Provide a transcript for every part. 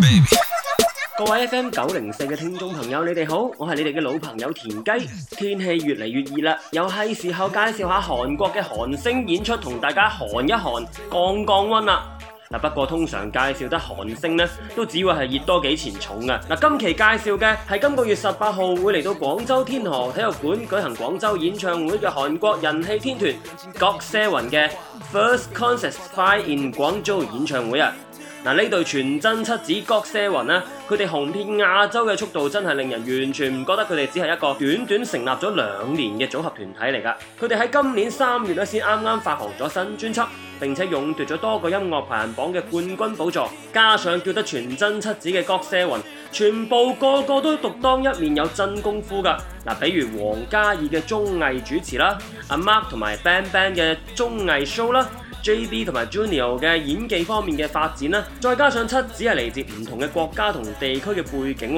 Maybe. 各位 FM 九零四嘅聽眾朋友，你哋好，我係你哋嘅老朋友田雞。天氣越嚟越熱啦，又係時候介紹下韓國嘅韓星演出，同大家寒一寒，降降溫啦。嗱，不過通常介紹得韓星呢，都只會係熱多幾錢重啊。嗱，今期介紹嘅係今個月十八號會嚟到廣州天河體育館舉行廣州演唱會嘅韓國人氣天團 GOT7 嘅 First Concert Live in Guangzhou 演唱會啊！嗱，呢對全真七子 GOT7 咧，佢哋紅遍亞洲嘅速度真係令人完全唔覺得佢哋只係一個短短成立咗兩年嘅組合團體嚟噶。佢哋喺今年三月咧先啱啱發行咗新專輯，並且勇奪咗多個音樂排行榜嘅冠軍寶座。加上叫得全真七子嘅 GOT7，全部個個都獨當一面，有真功夫㗎。嗱，比如王嘉爾嘅綜藝主持啦，阿 Mark 同埋 Bang Bang 嘅綜藝 show 啦。JB 同埋 JUNIOR 嘅演技方面嘅發展啦，再加上七子係嚟自唔同嘅國家同地區嘅背景，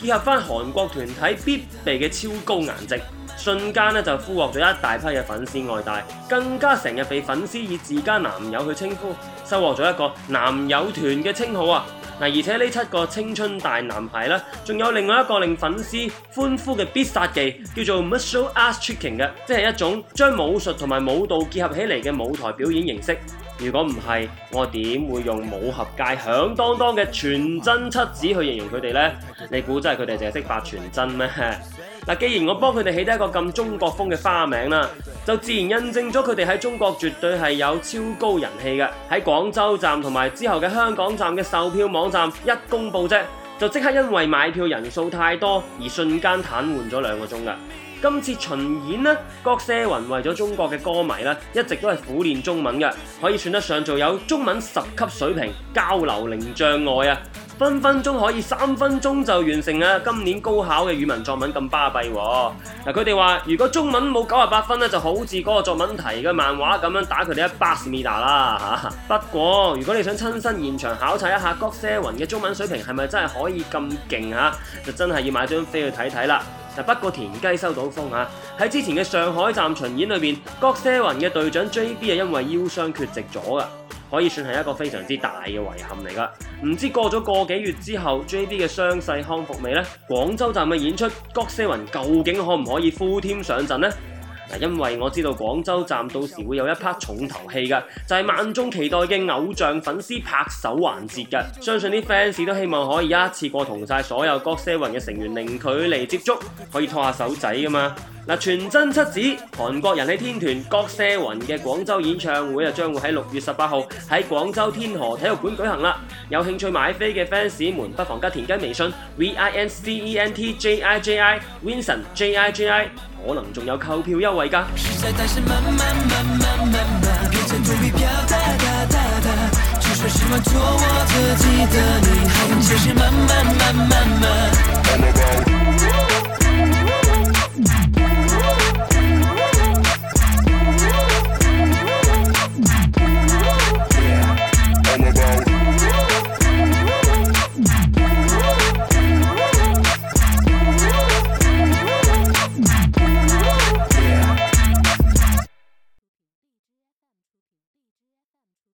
結合翻韓國團體必備嘅超高顏值，瞬間咧就俘獲咗一大批嘅粉絲愛戴，更加成日被粉絲以自家男友去稱呼，收穫咗一個男友團嘅稱號啊！而且呢七個青春大男孩呢，仲有另外一個令粉絲歡呼嘅必殺技，叫做 martial arts tricking 嘅，即係一種將武術同埋舞蹈結合起嚟嘅舞台表演形式。如果唔係，我點會用武俠界響噹噹嘅全真七子去形容佢哋呢？你估真係佢哋淨係識發全真咩？嗱，既然我幫佢哋起得一個咁中國風嘅花名啦，就自然印證咗佢哋喺中國絕對係有超高人氣嘅。喺廣州站同埋之後嘅香港站嘅售票網站一公布啫，就即刻因為買票人數太多而瞬間癱瘓咗兩個鐘嘅。今次巡演呢，郭嘉雲為咗中國嘅歌迷呢一直都係苦練中文嘅，可以算得上做有中文十級水平，交流零障礙啊！分分鐘可以三分鐘就完成啊！今年高考嘅語文作文咁巴閉喎，嗱，佢哋話如果中文冇九十八分咧，就好似嗰個作文題嘅漫畫咁樣打佢哋一巴思密達啦嚇。 不過如果你想親身現場考察一下 GOT7 嘅中文水平係咪真係可以咁勁啊，就真係要買張飛去睇睇啦。嗱，不過田雞收到風啊，喺之前嘅上海站巡演裏面，GOT7 嘅隊長 JB 係因為腰傷缺席咗㗎。可以算係一個非常之大嘅遺憾嚟噶，唔知過咗個幾月之後，JB 嘅傷勢康復未呢？廣州站嘅演出，GOT7 究竟可唔可以呼添上陣呢？嗱，因為我知道廣州站到時會有一 part 重頭戲噶，就係、是、萬眾期待嘅偶像粉絲拍手環節噶，相信啲 fans 都希望可以一次過同晒所有 GOT7 嘅成員零距離接觸，可以拖下手仔噶嘛。嗱，全真七子、韓國人氣天團 GOT7 嘅廣州演唱會啊，將會喺六月十八號喺廣州天河體育館舉行啦！有興趣買飛嘅 fans 們，不妨加田雞微信 v i n c e n t j i j i vincent j i j i，可能仲有購票優惠㗎～